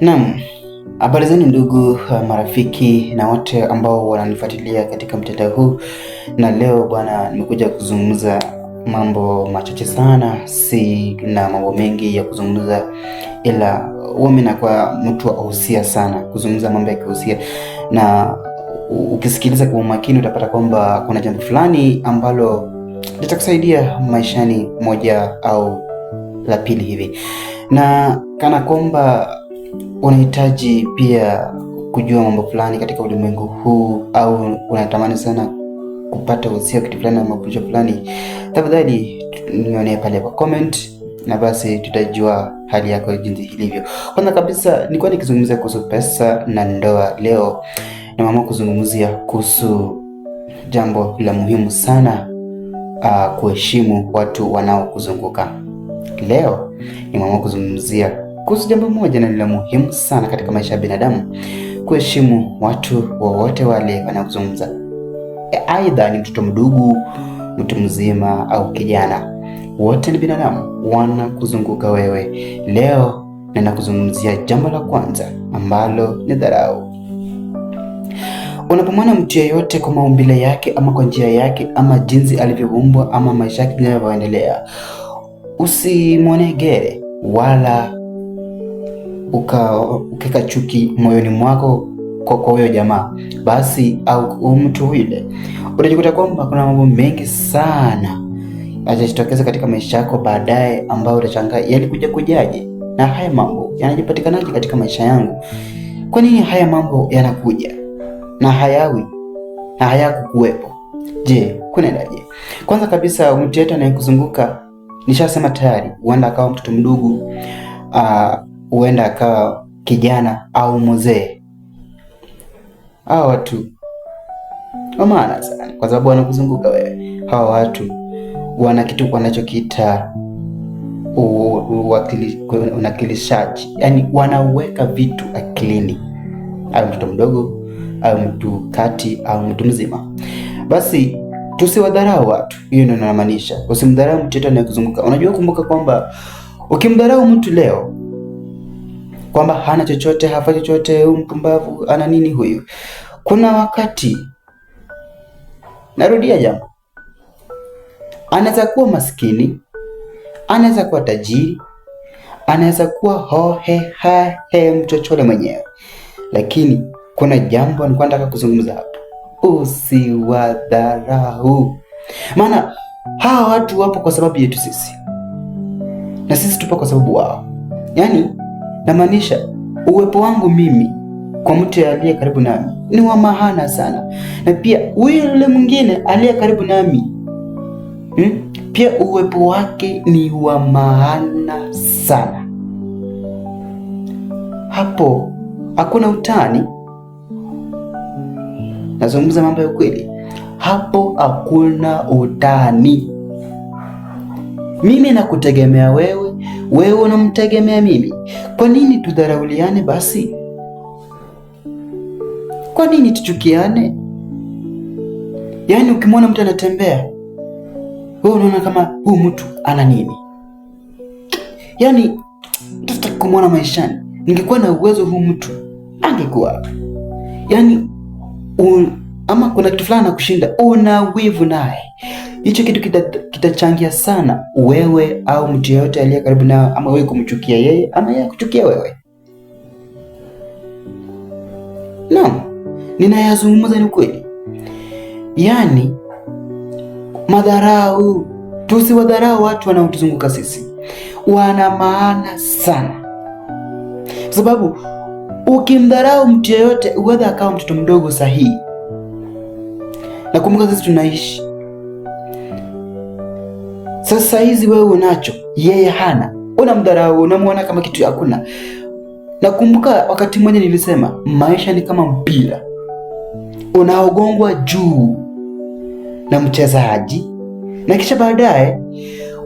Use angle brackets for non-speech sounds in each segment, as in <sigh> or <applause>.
Naam, habari zenu ndugu uh, marafiki na wote ambao wananifuatilia katika mtandao huu, na leo bwana, nimekuja kuzungumza mambo machache sana, si na mambo mengi ya kuzungumza, ila mimi nakuwa mtu wa uhusia sana kuzungumza mambo ya kihusia, na ukisikiliza kwa umakini utapata kwamba kuna jambo fulani ambalo litakusaidia maishani, moja au la pili hivi, na kana kwamba unahitaji pia kujua mambo fulani katika ulimwengu huu, au unatamani sana kupata usia kitu fulani na kujua fulani, tafadhali nionee pale kwa comment na basi tutajua hali yako jinsi ilivyo. Kwanza kabisa, nilikuwa nikizungumzia kuhusu pesa na ndoa. Leo nimeamua kuzungumzia kuhusu jambo la muhimu sana, uh, kuheshimu watu wanaokuzunguka. Leo nimeamua kuzungumzia kuhusu jambo moja na ni la muhimu sana katika maisha ya binadamu, kuheshimu watu wowote wale wanaozungumza, e, aidha ni mtoto mdogo, mtu mzima au kijana, wote ni binadamu wanakuzunguka wewe. Leo nenda kuzungumzia jambo la kwanza ambalo ni dharau. Unapomwona mtu yeyote kwa maumbile yake ama kwa njia yake ama jinsi alivyoumbwa ama maisha yake yanavyoendelea, gere wala ukaweka chuki moyoni mwako kwa huyo jamaa basi, au mtu yule, utajikuta kwamba kuna mambo mengi sana yatajitokeza katika maisha yako baadaye, ambayo utashangaa yalikuja kujaje, na haya mambo yanajipatikanaje katika maisha yangu? Kwa nini haya mambo yanakuja na hayawi na hayakukuwepo? Je, kunaendaje? Kwanza kabisa, mtu yetu anayekuzunguka nishasema tayari, huenda akawa mtoto mdogo uh, huenda akawa kijana au mzee. Hawa watu wa maana sana, kwa sababu wanakuzunguka wewe. Hawa watu wana kitu wanachokiita unakilishaji, yaani wanaweka vitu akilini, au mtoto mdogo au mtu kati au mtu mzima. Basi tusiwadharau watu, hiyo ndio inamaanisha. Usimdharau mtu yeyote anayekuzunguka. Unajua, kumbuka kwamba ukimdharau mtu leo kwamba hana chochote, hafa chochote, huyu mpumbavu ana nini huyu. Kuna wakati narudia jambo, anaweza kuwa maskini, anaweza kuwa tajiri, anaweza kuwa hohe hahe mchochole mwenyewe, lakini kuna jambo nilikuwa nataka kuzungumza hapa, usiwadharau. Maana hawa watu wapo kwa sababu yetu sisi na sisi tupo kwa sababu wao, yaani Namaanisha uwepo wangu mimi kwa mtu aliye karibu nami ni wa maana sana, na pia yule mwingine aliye karibu nami hmm? pia uwepo wake ni wa maana sana. Hapo hakuna utani, nazungumza mambo ya ukweli. Hapo hakuna utani. Mimi nakutegemea wewe wewe unamtegemea mimi, kwa nini tudharauliane? Basi kwa nini tuchukiane? Yaani ukimwona mtu anatembea wewe unaona kama huu mtu ana nini? Yaani tutaki kumwona maishani. Ningekuwa na uwezo, huu mtu angekuwa yaani ama kuna kitu fulani nakushinda, una wivu naye, hicho kitu kitachangia kita sana wewe au mtu yeyote aliye karibu nawe, ama wewe kumchukia yeye ama yeye kuchukia wewe. na ninayazungumza ni kweli yaani madharau. Tusiwadharau watu wanaotuzunguka sisi, wana maana sana, kwa sababu ukimdharau mtu yeyote, uweza akawa mtoto mdogo sahihi Nakumbuka sisi tunaishi sasa hizi, wewe unacho, yeye hana, unamdharau, unamwona kama kitu hakuna. Nakumbuka wakati mmoja nilisema maisha ni kama mpira unaogongwa juu na mchezaji, na kisha baadaye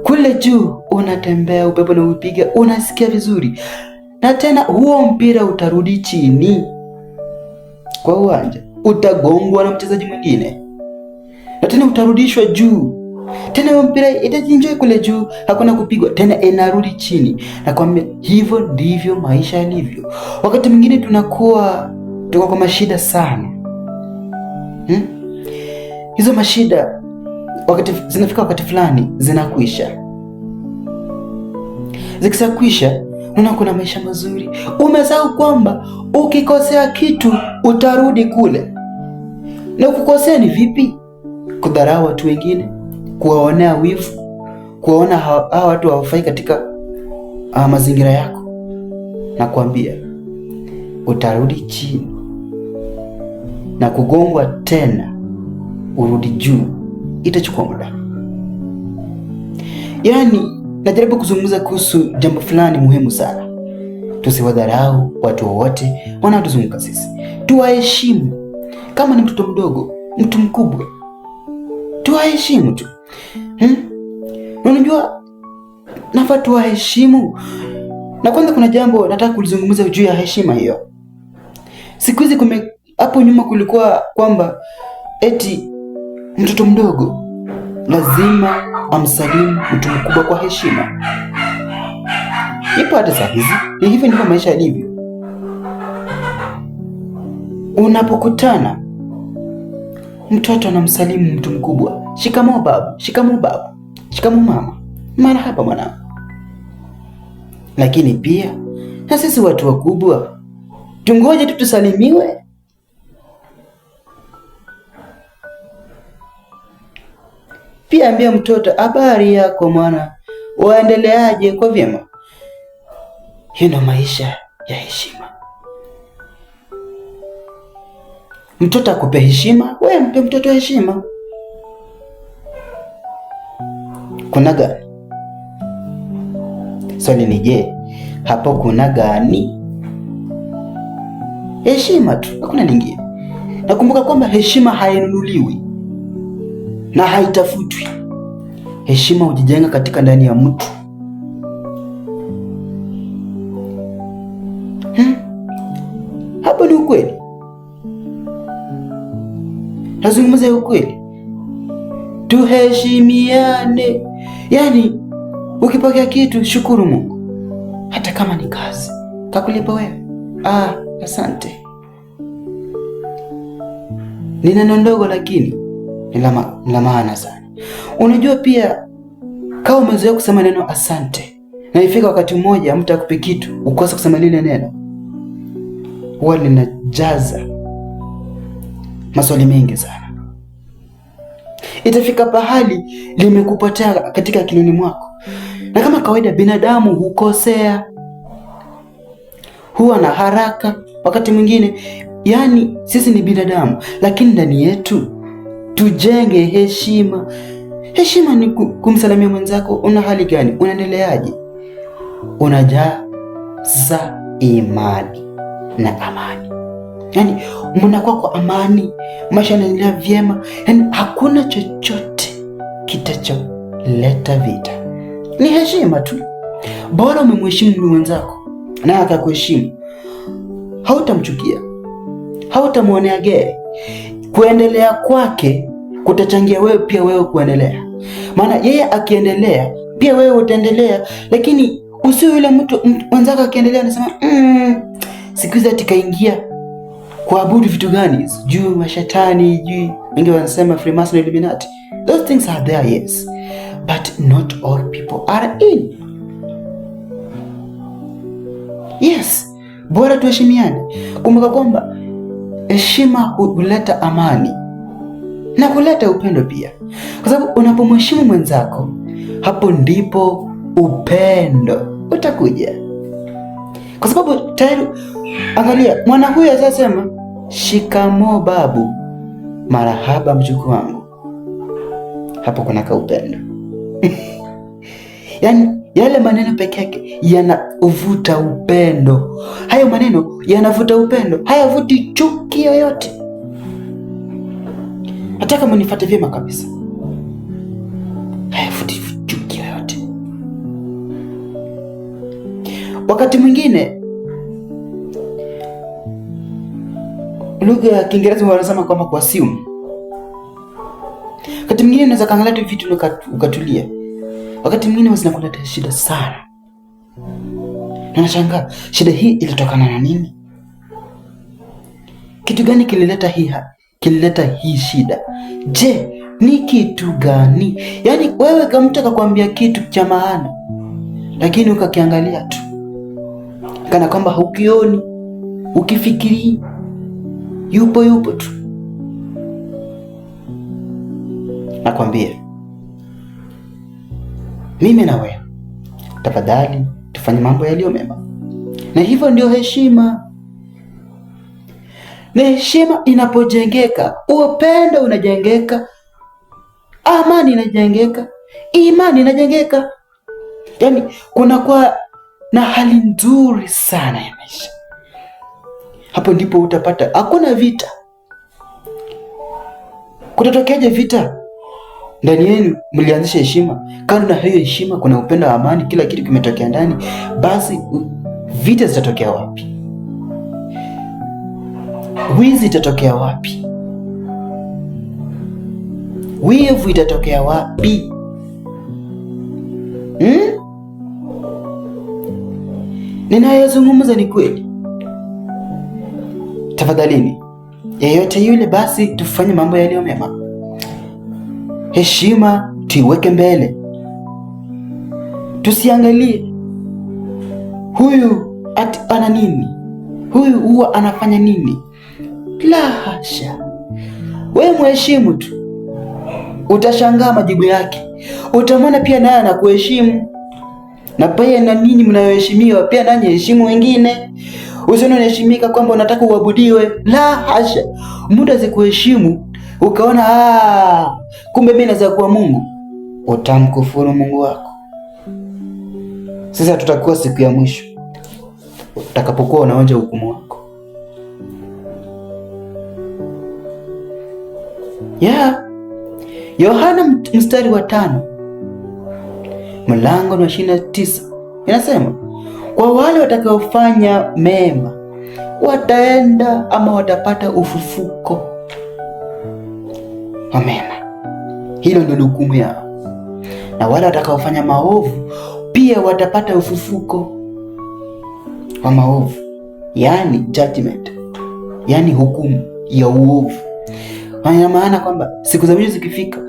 kule juu unatembea, upepo na upiga, unasikia vizuri, na tena huo mpira utarudi chini kwa uwanja, utagongwa na mchezaji mwingine na tena utarudishwa juu tena mpira itajinjoi kule juu, hakuna kupigwa tena, inarudi chini. Nakwambia hivyo ndivyo maisha yalivyo. Wakati mwingine tunakuwa tuko kwa mashida sana hmm? Hizo mashida wakati zinafika wakati fulani zinakwisha. Zikisakwisha unakuwa kuna maisha mazuri. Umesahau kwamba ukikosea kitu utarudi kule, na ukukosea ni vipi? kudharau watu wengine, kuwaonea wivu, kuwaona hawa watu hawafai katika uh, mazingira yako, na kuambia utarudi chini na kugongwa tena urudi juu, itachukua muda. Yaani najaribu kuzungumza kuhusu jambo fulani muhimu sana. Tusiwadharau watu wowote wanaotuzunguka sisi, tuwaheshimu. Kama ni mtoto mdogo, mtu mkubwa tuwaheshimu tu hmm? Unajua nafaa tuwaheshimu. Na kwanza kuna jambo nataka kulizungumza juu ya heshima hiyo. Siku hizi kume, hapo nyuma kulikuwa kwamba eti mtoto mdogo lazima amsalimu mtu mkubwa kwa heshima. Ipo hata saa hizi, ni hivyo ndivyo maisha yalivyo. Unapokutana Mtoto anamsalimu mtu mkubwa, shikamoo babu, shikamoo babu, shikamoo mama, mara hapa mwanangu. Lakini pia na sisi watu wakubwa tungoje tu tusalimiwe. Pia ambia mtoto habari yako mwana, waendeleaje? Kwa vyema. Hiyo ndo maisha ya heshima. Mtoto akupe heshima, wewe mpe mtoto heshima. Kuna gani? Swali ni je, hapo kuna gani? Heshima tu, hakuna lingine. Nakumbuka kwamba heshima hainunuliwi na haitafutwi. Heshima hujijenga katika ndani ya mtu. nazungumza hiyo kweli, tuheshimiane. Yaani ukipokea kitu shukuru Mungu, hata kama ni kazi kakulipa wewe. Ah, asante. Ni neno ndogo lakini ni la maana sana. Unajua pia kama umezoea kusema neno asante, na ifika wakati mmoja mtu akupe kitu ukose kusema lile neno, huwa linajaza maswali mengi sana. Itafika pahali limekupotea katika akilini mwako, na kama kawaida binadamu hukosea, huwa na haraka wakati mwingine. Yaani sisi ni binadamu, lakini ndani yetu tujenge heshima. Heshima ni kumsalimia mwenzako, una hali gani, unaendeleaje, unajaza imani na amani yani mnakuwa kwa amani, maisha yanaendelea vyema, yani hakuna chochote kitacholeta vita. Ni heshima tu, bora umemheshimu mume wenzako naye akakuheshimu, hautamchukia, hautamwonea gere. Kuendelea kwake kutachangia wewe pia wewe kuendelea, maana yeye akiendelea pia wewe utaendelea, lakini usio yule mtu mwenzako akiendelea anasema mm, siku hizi atikaingia kuabudu vitu gani? Sijui mashetani, sijui wengi wanasema Freemason Illuminati. Those things are there, yes. But not all people are in. Yes, bora tuheshimiane. Kumbuka kwamba heshima huleta amani na kuleta upendo pia, kwa sababu unapomheshimu mwenzako, hapo ndipo upendo utakuja kwa sababu tayari, angalia mwana huyu asasema shikamo babu, marahaba mjukuu wangu. Hapo kuna kaupendo <laughs> yani yale maneno peke yake yanavuta upendo. Hayo maneno yanavuta upendo, hayavuti chuki yoyote. Nataka mnifuate vyema kabisa. Wakati mwingine lugha ya Kiingereza wanasema kwamba kwa simu Wakati mwingine unaweza kaangalia tu vitu ukatulia, wakati mwingine zinakuleta shida sana, na nashangaa shida hii ilitokana na nini? Kitu gani kilileta hii kilileta hii shida? Je, ni kitu gani? Yaani wewe mtu akakwambia kitu cha maana, lakini ukakiangalia tu kana kwamba hukioni, ukifikiri yupo yupo tu. Nakwambia mimi na wewe, tafadhali tufanye mambo yaliyo mema, na hivyo ndio heshima. Na heshima inapojengeka, upendo unajengeka, amani inajengeka, imani inajengeka, yaani kunakuwa na hali nzuri sana ya maisha. Hapo ndipo utapata hakuna vita. Kutatokeaje vita? Ndani yenu mlianzisha heshima. Kando na hiyo heshima, kuna upendo wa amani, kila kitu kimetokea ndani, basi vita zitatokea wapi? Wizi itatokea wapi? Wivu itatokea wapi? hmm? ninayozungumza ni kweli? Tafadhalini, yeyote yule, basi tufanye mambo yaliyo mema. Heshima tuiweke mbele, tusiangalie huyu ati ana nini, huyu huwa anafanya nini. La hasha, wewe mheshimu tu, utashangaa majibu yake, utamwona pia naye anakuheshimu na pia na ninyi mnayoheshimiwa pia nanyi heshimu wengine. Usione unaheshimika kwamba unataka uabudiwe, la hasha. Mtu azikuheshimu ukaona ah, kumbe mimi naweza kuwa Mungu, utamkufuru Mungu wako. Sasa tutakuwa siku ya mwisho utakapokuwa unaonja hukumu wako. Yeah. Yohana mstari wa tano mlango wa ishirini na tisa inasema, kwa wale watakaofanya mema wataenda ama watapata ufufuko wa mema, hilo ndio hukumu yao, na wale watakaofanya maovu pia watapata ufufuko wa maovu, yaani judgment, yaani hukumu ya uovu. Ina maana kwamba siku za mwisho zikifika,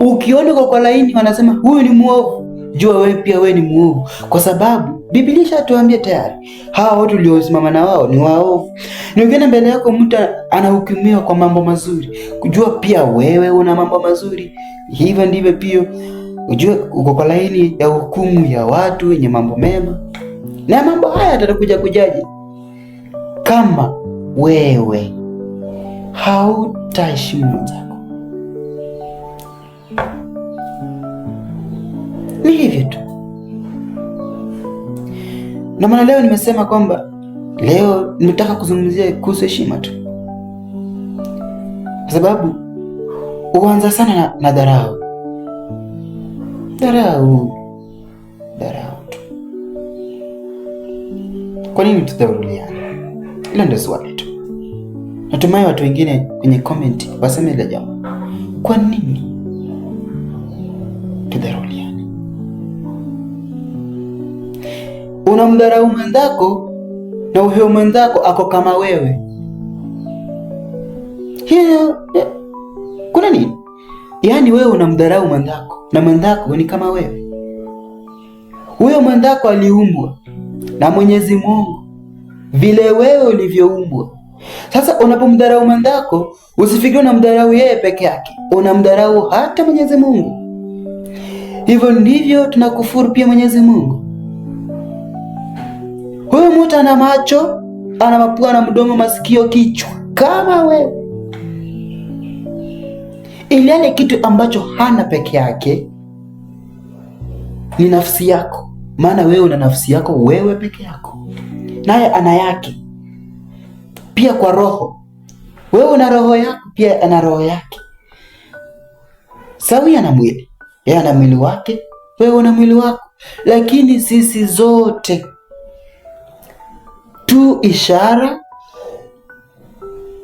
ukiona kwa kwa laini, wanasema huyu ni mwovu jua wewe pia wewe ni muovu, kwa sababu Biblia ishatuambia tayari hawa watu uliosimama na wao ni waovu. Nikienda mbele yako mtu anahukumiwa kwa mambo mazuri, kujua pia wewe una mambo mazuri. Hivyo ndivyo pia ujue uko kwa laini ya hukumu ya watu wenye mambo mema, na mambo haya atakuja kujaji kama wewe hautaheshimika. Ni hivyo tu, na maana leo nimesema kwamba leo nimetaka kuzungumzia kuhusu heshima tu, kwa sababu huanza sana na, na dharau dharau dharau tu. Kwa nini tutadharauliana? Ilo ndio swali tu. Natumai watu wengine kwenye comment waseme ile jambo, kwa nini unamdharau mwenzako na huyo mwenzako ako kama wewe. Hiyo eh, kuna nini? Yaani wewe unamdharau mwenzako na mwenzako ni kama wewe. Huyo mwenzako aliumbwa na Mwenyezi Mungu vile wewe ulivyoumbwa. Sasa unapomdharau mwenzako, usifikiri unamdharau yeye peke yake, unamdharau hata Mwenyezi Mungu. Hivyo ndivyo tunakufuru pia Mwenyezi Mungu mtu ana macho, ana mapua na mdomo, masikio, kichwa kama wewe, ili ale kitu ambacho hana peke yake ni nafsi yako, maana wewe una nafsi yako wewe peke yako, naye ana yake pia kwa roho. Wewe una roho yako, pia ana roho yake sawia na mwili. Yeye ana mwili wake, wewe una mwili wako, lakini sisi zote tu ishara,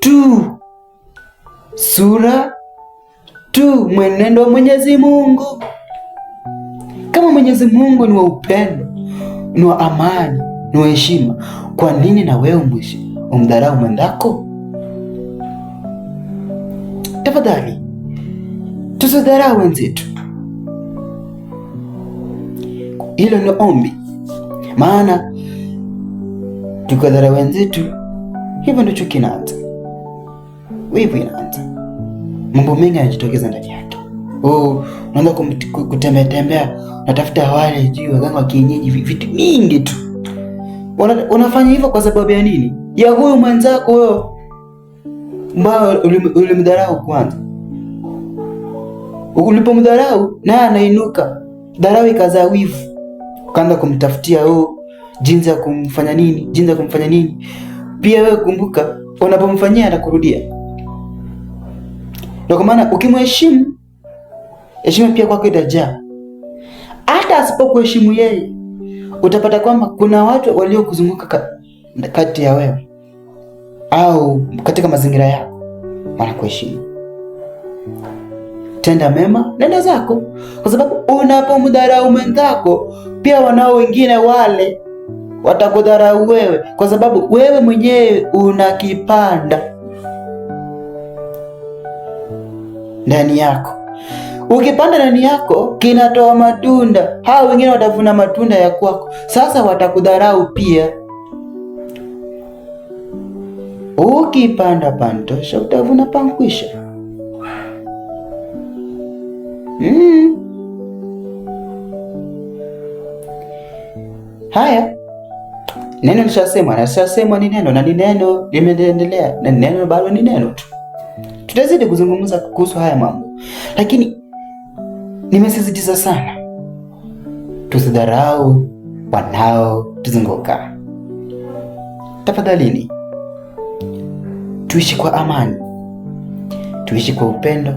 tu sura, tu mwenendo wa Mwenyezi Mungu. Kama Mwenyezi Mungu ni wa upendo, ni wa amani, ni wa heshima, kwa nini na wewe umdharau mwendako? Tafadhali tusidharau wenzetu, hilo ni ombi maana tukadhara wenzetu. Hivyo ndicho kinaanza, wivu inaanza, mambo mengi yanajitokeza ndani yake. Oh, unaanza kutembea tembea, natafuta wale juu waganga wa kienyeji, vitu mingi tu. Unafanya hivyo kwa sababu ya nini? Ya huyu mwenzako wewe ambayo ulimdharau kwanza. Ulipomdharau naye anainuka, dharau ikazaa wivu, ukaanza kumtafutia oh, jinsi ya kumfanya nini, jinsi ya kumfanya nini. Pia wewe kumbuka, unapomfanyia atakurudia. Ndio kwa maana ukimheshimu, heshima pia kwako itajaa. Hata asipokuheshimu yeye, utapata kwamba kuna watu waliokuzunguka kati ya wewe au katika mazingira yako wanakuheshimu. Tenda mema, nenda zako, kwa sababu unapomdharau mwenzako, pia wanao wengine wale watakudharau wewe, kwa sababu wewe mwenyewe unakipanda ndani yako. Ukipanda ndani yako kinatoa matunda, hao wengine watavuna matunda ya kwako. Sasa watakudharau pia. Ukipanda pantosha utavuna pankwisha. Mm. Haya. Neno lishasemwa na lishasemwa ni neno na ni neno limeendelea na neno bado ni neno tu. Tutazidi kuzungumza kuhusu haya mambo, lakini nimesisitiza sana, tusidharau wanao tuzunguka. tafadhalini. Tuishi kwa amani, tuishi kwa upendo,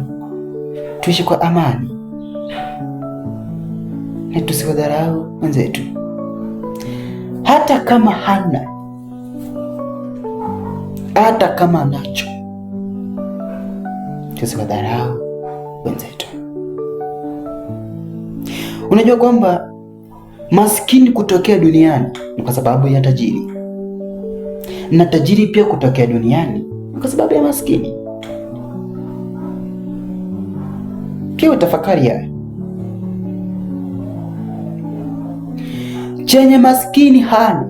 tuishi kwa amani na tusiwadharau wenzetu hata kama hana, hata kama anacho, tusiwadharau wenzetu. Unajua kwamba maskini kutokea duniani ni kwa sababu ya tajiri, na tajiri pia kutokea duniani ni kwa sababu ya maskini. Pia utafakari haya. chenye maskini hana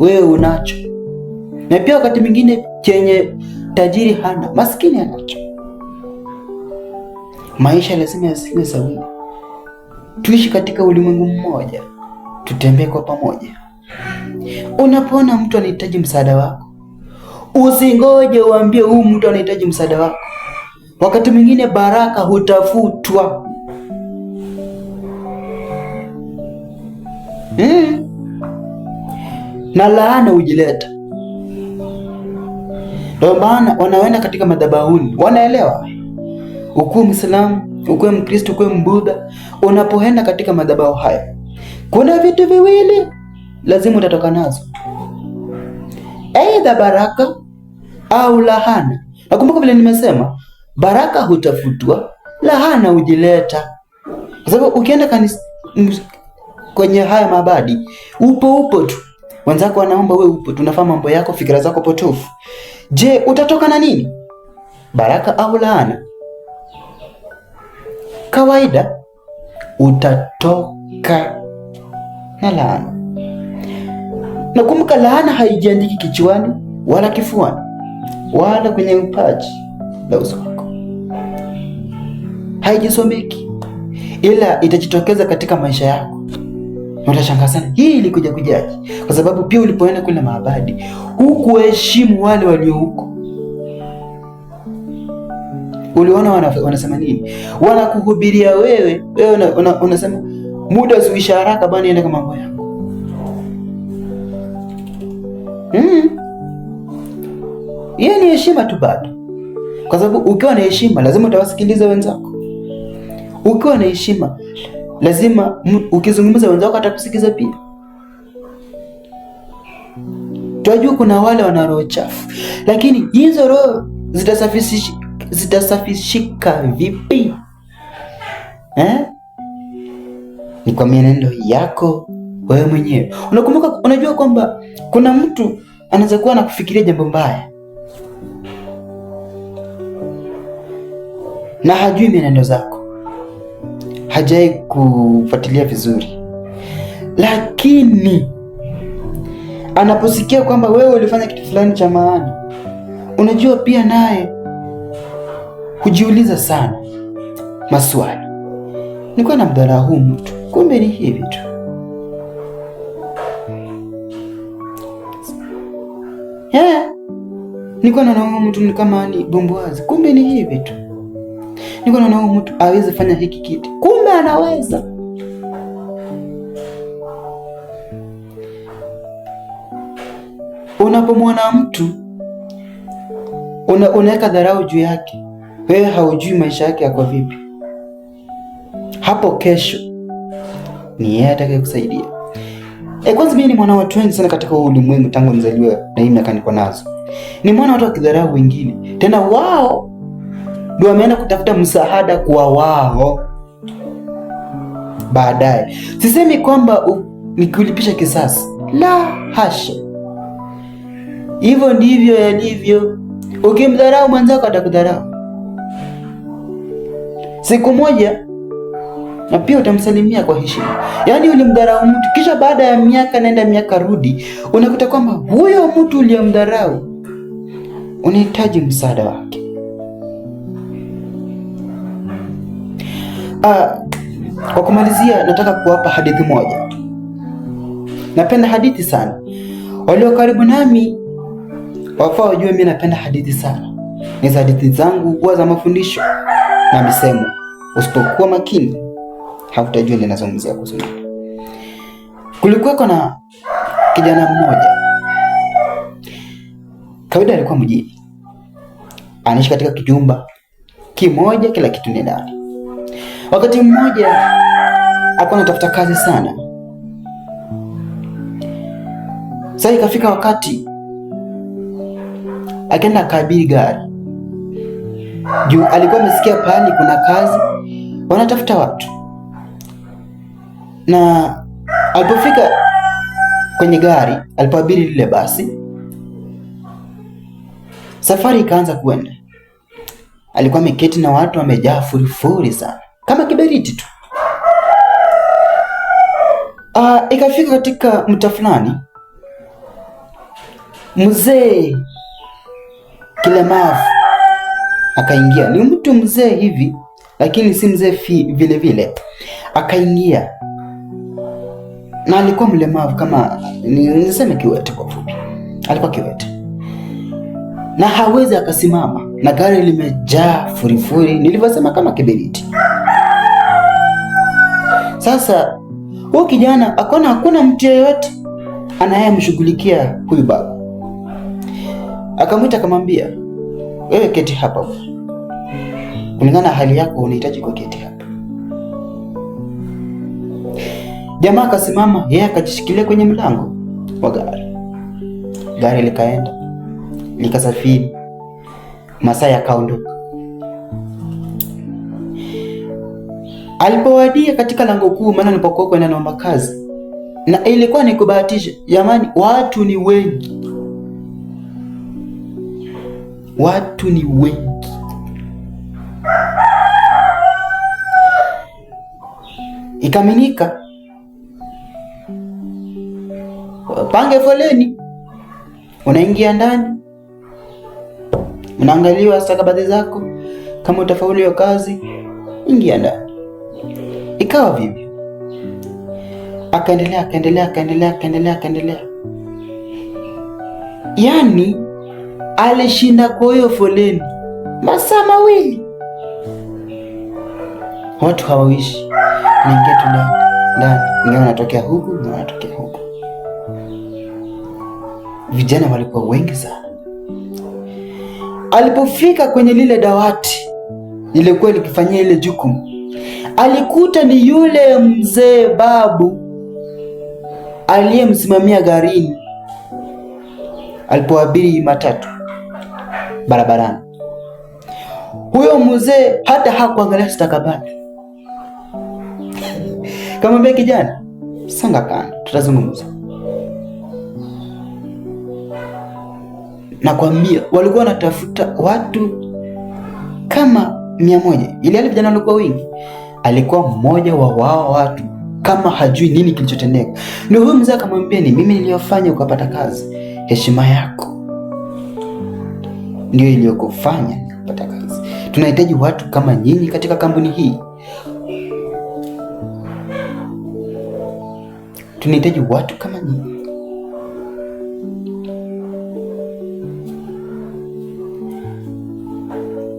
wewe unacho, na pia wakati mwingine chenye tajiri hana maskini anacho. Maisha lazima yasiwe sawili tuishi katika ulimwengu mmoja, tutembee kwa pamoja. Unapoona mtu anahitaji msaada wako, usingoje uambie huyu mtu anahitaji msaada wako. Wakati mwingine baraka hutafutwa. Hmm na laana hujileta. Ndio maana wanaenda katika madhabahuni wanaelewa, ukuwe Mwislamu, ukuwe Mkristo, ukuwe Mbudha, unapoenda katika madhabahu haya kuna vitu viwili lazima utatoka nazo, aidha baraka au lahana. Nakumbuka vile nimesema, baraka hutafutwa, lahana hujileta, kwa sababu ukienda kwenye haya mabadi upo upo tu wenzako wanaomba, wewe upo, tunafaa mambo yako, fikira zako potofu. Je, utatoka na nini? Baraka au laana? Kawaida utatoka na laana. Nakumbuka, laana haijiandiki kichwani wala kifuani wala kwenye upaji la uso wako, haijisomeki, ila itajitokeza katika maisha yako. Utashangaa sana hii ilikuja kujaji? Kwa sababu pia ulipoenda kule maabadi hukuheshimu wale walio huko. Uliona wanasema nini? Wanakuhubiria wewe, wewe una, unasema muda usiisha haraka bwana, ende kama mambo yako mm. Mm-hmm. ni heshima tu bado, kwa sababu ukiwa na heshima lazima utawasikiliza wenzako, ukiwa na heshima lazima ukizungumza wenzako atakusikiza pia. Tunajua kuna wale wana roho chafu, lakini hizo roho zitasafishika vipi eh? Ni kwa mienendo yako wewe mwenyewe. Unakumbuka, unajua kwamba kuna mtu anaweza kuwa anakufikiria jambo mbaya na hajui mienendo zako hajai kufuatilia vizuri, lakini anaposikia kwamba wewe ulifanya kitu fulani cha maana, unajua pia naye hujiuliza sana maswali, nilikuwa na mdharau huu mtu, kumbe ni hivi tu. Yeah, nilikuwa na mtu ni kama ni bumbwazi, kumbe ni hivi tu niko naona huyu mtu awezi fanya hiki kitu, kumbe anaweza. Unapomwona mtu unaweka dharau juu yake, wewe haujui maisha yake yako vipi. Hapo kesho ni yeye atakaye kusaidia. E, kwanza mimi ni mwana wa watu wengi sana katika huu ulimwengu tangu nizaliwe, na hii miaka niko nazo, ni mwana watu wakidharau wengine, tena wao ndio wameenda kutafuta msaada kwa wao baadaye. Sisemi kwamba nikulipisha kisasi, la hasha. Hivyo ndivyo yalivyo. Ukimdharau mwenzako atakudharau siku moja, na pia utamsalimia kwa heshima. Yaani ulimdharau mtu, kisha baada ya miaka naenda miaka rudi, unakuta kwamba huyo mtu uliyemdharau unahitaji msaada wake. Ah, kwa kumalizia, nataka kuwapa hadithi moja. Napenda hadithi sana. Walio karibu nami wafaa wajue mimi napenda hadithi sana. ni za hadithi zangu huwa za mafundisho na misemo. Usipokuwa makini, hautajua ninazungumzia kuhusu nini. Kulikuwa na kijana mmoja kawaida, alikuwa mjini, anaishi katika kijumba kimoja, kila kitu ni ndani Wakati mmoja alikuwa anatafuta kazi sana. Sasa ikafika wakati akaenda kabiri gari juu alikuwa amesikia pahali kuna kazi wanatafuta watu, na alipofika kwenye gari, alipoabiri lile basi, safari ikaanza kwenda. Alikuwa ameketi na watu wamejaa furifuri sana kama kiberiti tu. Uh, ikafika katika mta fulani, mzee kilemavu akaingia. Ni mtu mzee hivi lakini si mzee vile vile, akaingia na alikuwa mlemavu kama niseme kiwete, kwa fupi alikuwa kiwete na hawezi akasimama, na gari limejaa furifuri, nilivyosema kama kiberiti. Sasa huyu kijana akaona hakuna mtu yeyote anayemshughulikia huyu baba, akamwita akamwambia, wewe keti hapa, kulingana na hali yako unahitaji kwa keti hapa. Jamaa akasimama, yeye akajishikilia kwenye mlango wa gari. Gari likaenda likasafiri, masaa yakaondoka. Alipowadia katika lango kuu, maana nilipokuwa kwenda naomba kazi, na ilikuwa ni kubahatisha. Jamani, watu ni wengi, watu ni wengi. Ikaminika pange foleni, unaingia ndani, unaangaliwa stakabadhi zako, kama utafaulu hiyo kazi, ingia ndani. Ikawa vivyo, akaendelea akaendelea akaendelea akaendelea akaendelea, yaani alishinda kwa hiyo foleni masaa mawili. Watu hawawishi, naingia tu ndani, ingia wanatokea huku na wanatokea huku. Vijana walikuwa wengi sana. Alipofika kwenye lile dawati lilikuwa likifanyia ile jukumu alikuta ni yule mzee babu aliyemsimamia garini alipoabiri matatu barabarani. Huyo mzee hata hakuangalia stakabadhi, <laughs> kamwambia kijana, sanga kando, tutazungumza. Nakwambia walikuwa wanatafuta watu kama mia moja, ili hali vijana walikuwa wengi alikuwa mmoja wa wao watu kama hajui nini kilichotendeka. Ndio huyo mzee akamwambia, ni mimi niliyofanya ukapata kazi, heshima yako ndio iliyokufanya nikapata kazi. Tunahitaji watu kama nyinyi katika kampuni hii, tunahitaji watu kama nyinyi.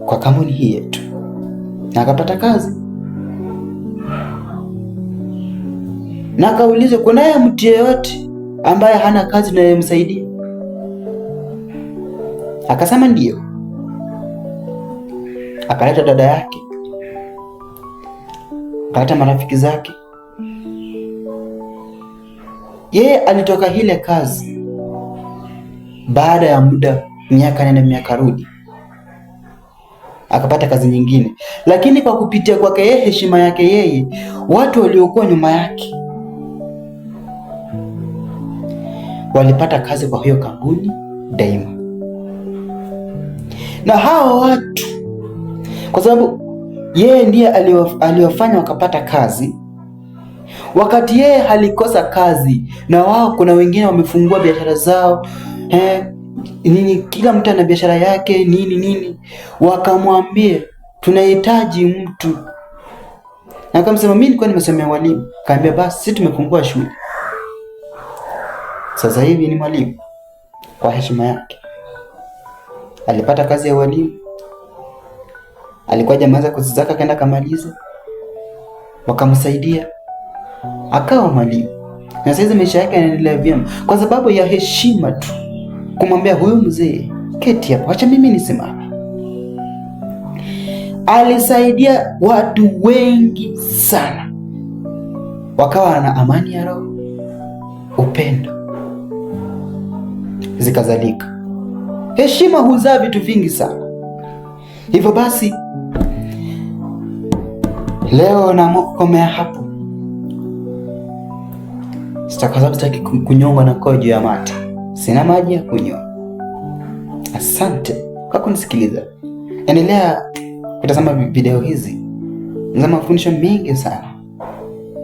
Kwa kampuni hii yetu na akapata kazi. na akaulize, kunaye mtu yeyote ambaye hana kazi nayemsaidia? Akasema ndiyo. Akaleta dada yake, akaleta marafiki zake. Yeye alitoka ile kazi baada ya muda, miaka nenda miaka rudi, akapata kazi nyingine, lakini kwa kupitia kwake yeye, heshima yake yeye, watu waliokuwa nyuma yake walipata kazi kwa hiyo kampuni Daima. Na hawa watu kwa sababu yeye ndiye aliyofanya wakapata kazi, wakati yeye halikosa kazi, na wao kuna wengine wamefungua biashara zao he, eh, nini, kila mtu ana biashara yake nini nini, wakamwambia tunahitaji mtu, na akamsema mimi nilikuwa nimesomea walimu, kaambia basi, sisi tumefungua shule sasa hivi ni mwalimu kwa heshima yake. Alipata kazi ya walimu alikuwa jamaliza kozi zake, akaenda kamaliza, wakamsaidia akawa mwalimu, na sasa maisha yake yanaendelea vyema kwa sababu ya heshima tu, kumwambia huyu mzee, keti hapo, acha mimi nisimame. Alisaidia watu wengi sana, wakawa na amani ya roho, upendo zikazalika. Heshima huzaa vitu vingi sana. Hivyo basi, leo naamua kukomea hapo. Kwa sababu sitaki kunyongwa na koo juu ya mata, sina maji ya kunywa. Asante kwa kunisikiliza. Endelea kutazama video hizi za mafundisho mengi sana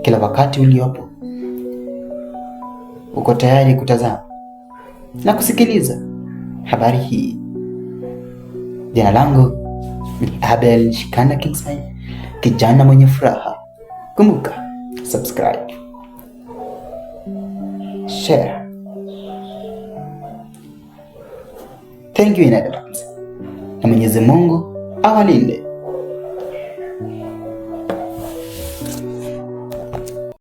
kila wakati uliopo uko tayari kutazama na kusikiliza habari hii. Jina langu ni Abel Shikanda Kingsman, kijana mwenye furaha. Kumbuka subscribe, share. Thank you in advance, na Mwenyezi Mungu awalinde.